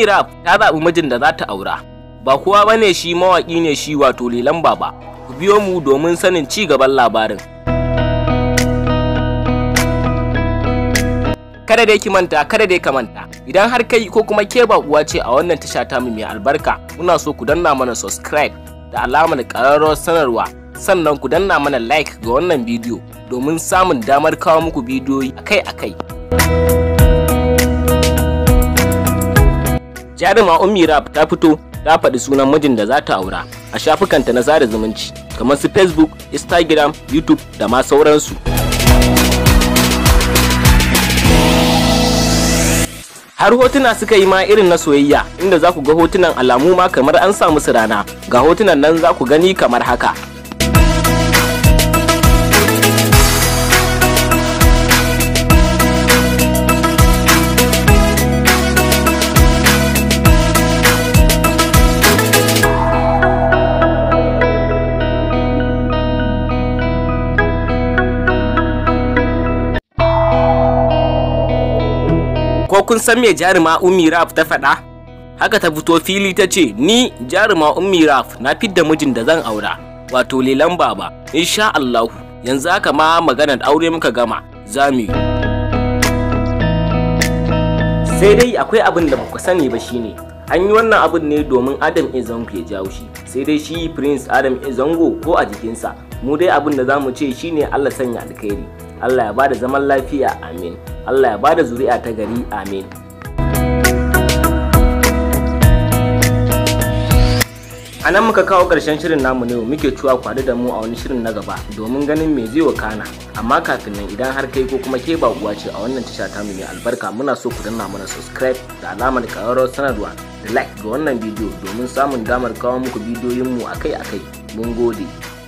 Ami Rap ta zaɓi mijin da za ta aura. Ba kowa bane shi mawaƙi ne shi wato Lilan Baba. Ku biyo mu domin sanin ci gaban labarin. Kada dai ki manta, kada dai ka manta. Idan har kai ko kuma ke uwa ce a wannan tasha ta mai albarka, muna so ku danna mana subscribe da alamar ƙararrawar sanarwa. Sannan ku danna mana like ga wannan bidiyo domin samun damar kawo muku bidiyoyi akai-akai. jaruma ummi rap ta fito ta faɗi sunan mijin da za ta aura a shafukanta na sada zumunci kamar su facebook instagram youtube da ma sauransu har hotuna suka yi ma irin na soyayya inda za ku ga hotunan alamu ma kamar an samu musu rana ga hotunan nan za ku gani kamar haka kun san me jaruma ummi raf ta faɗa haka ta fito fili ta ce ni jaruma ummi raf na fidda mijin da zan aura wato lelan baba insha allahu yanzu haka ma maganar aure muka gama za yi sai dai akwai abin da baku sani ba shine an yi wannan abin ne domin adam izango ya jawo shi sai dai shi prince adam izango ko a jikinsa mu dai abin da zamu mu ce shine allah sanya alkhairi Allah ya bada zaman lafiya amin Allah ya bada zuri'a ta gari amin a nan muka kawo ƙarshen shirin namu ne muke cuwa kwadu da mu a wani shirin na gaba domin ganin me zai wakana amma kafin nan idan har kai ko kuma ke baguwa ce a wannan tasha ta mu ne, albarka muna so ku danna mana subscribe da alamar ƙararrawar sanarwa da like ga wannan bidiyo domin samun damar kawo muku bidiyoyin mu akai-akai mun gode